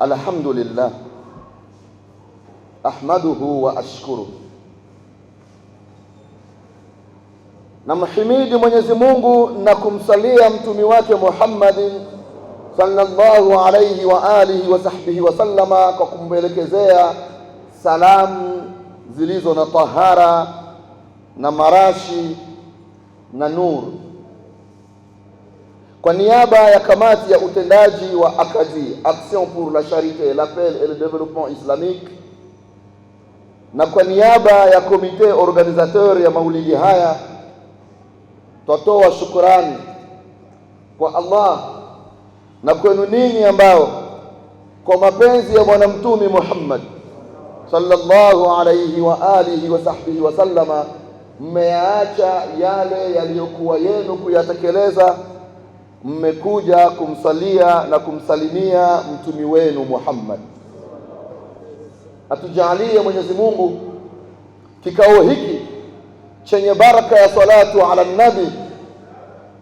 Alhamdulillah ahmaduhu wa na namhimidi Mwenyezi Mungu na kumsalia mtumi wake Muhammadin sallallahu alayhi wa alihi wa sahbihi wasallama, kwa kumwelekezea salamu zilizo na tahara na marashi na nuru kwa niaba ya kamati ya utendaji wa ACADI, Action pour la Charité, l'Appel et le Développement Islamique, na kwa niaba ya komite organisateur ya maulidi haya, twatoa shukurani kwa Allah na kwenu ninyi ambao kwa mapenzi ya Bwana Mtume Muhammad sallallahu alayhi wa alihi wa sahbihi wasallama mmeyaacha yale yaliyokuwa yenu kuyatekeleza mmekuja kumsalia na kumsalimia mtumi wenu Muhammad. Atujalie Mwenyezi Mungu kikao hiki chenye baraka ya salatu ala nabi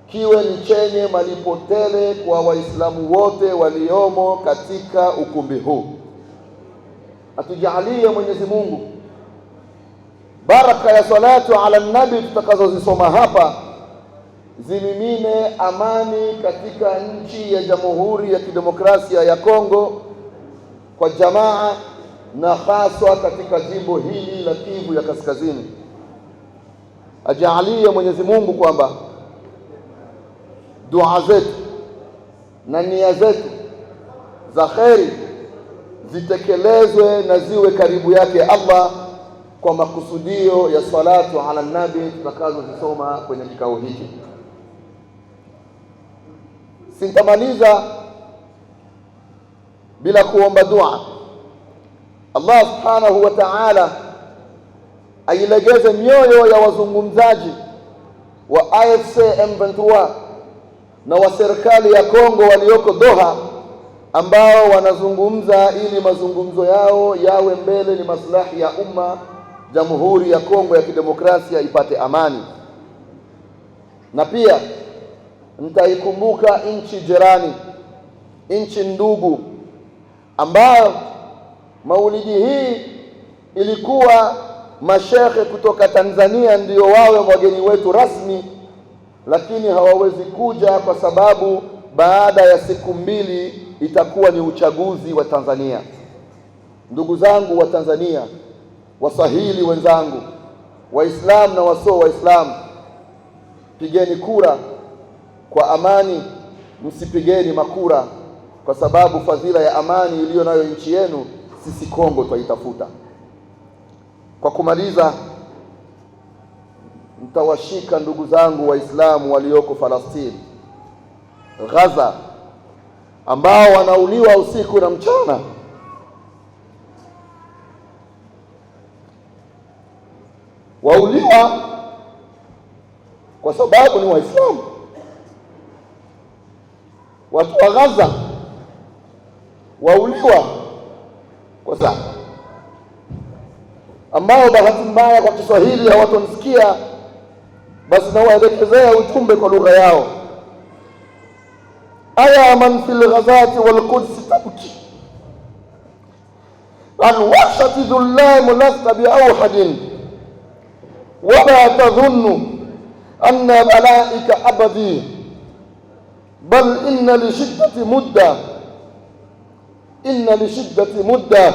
kiwe ni chenye malipo tele kwa Waislamu wote waliomo katika ukumbi huu. Atujalie Mwenyezi Mungu baraka ya salatu ala nabi tutakazozisoma hapa zimimine amani katika nchi ya Jamhuri ya Kidemokrasia ya Kongo kwa jamaa na haswa katika jimbo hili la Kivu ya Kaskazini. Ajaalie Mwenyezi Mungu kwamba dua zetu na nia zetu za kheri zitekelezwe na ziwe karibu yake Allah kwa makusudio ya salatu ala nabi tutakazozisoma kwenye kikao hiki sitamaliza bila kuomba dua. Allah subhanahu wa ta'ala ailegeze mioyo ya wazungumzaji wa AFC M23 na wa serikali ya Kongo walioko Doha ambao wanazungumza ili mazungumzo yao yawe mbele ni maslahi ya umma, Jamhuri ya Kongo ya Kidemokrasia ipate amani na pia mtaikumbuka nchi jirani, nchi ndugu, ambayo maulidi hii ilikuwa mashekhe kutoka Tanzania ndio wawe wageni wetu rasmi, lakini hawawezi kuja kwa sababu baada ya siku mbili itakuwa ni uchaguzi wa Tanzania. Ndugu zangu wa Tanzania, waswahili wenzangu, Waislamu na wasio Waislamu, pigeni kura kwa amani, msipigeni makura, kwa sababu fadhila ya amani iliyo nayo nchi yenu sisi Kongo twaitafuta. Kwa kumaliza, mtawashika ndugu zangu Waislamu walioko Falastini, Gaza, ambao wanauliwa usiku na mchana. Wauliwa kwa sababu ni Waislamu watu wa Gaza wauliwa kwa saa, ambao bahati mbaya kwa Kiswahili hawatonisikia, basi nawaelekezea ujumbe kwa lugha yao. aya man fil ghazati wal quds tabki an wahshati dhullamu lasta bi wama tadhunnu anna malaika abadi بل إن لشدة مدة إن لشدة مدة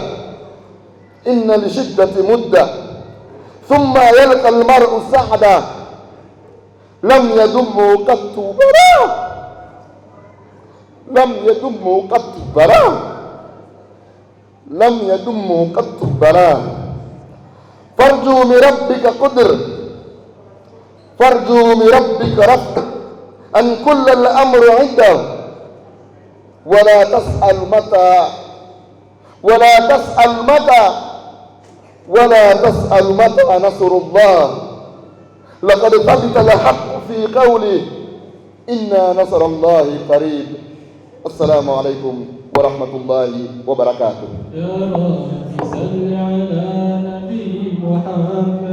إن لشدة مدة ثم يلقى المرء السعدة لم يدم قط براه لم يدم قط براه لم يدم قط براه فارجو من ربك قدر فارجو من ربك رفق أن كل الأمر عنده ولا تسأل متى ولا تسأل متى ولا تسأل متى نصر الله لقد ثبت الحق في قوله إنا نصر الله قريب السلام عليكم ورحمة الله وبركاته يا رب صل على نبي محمد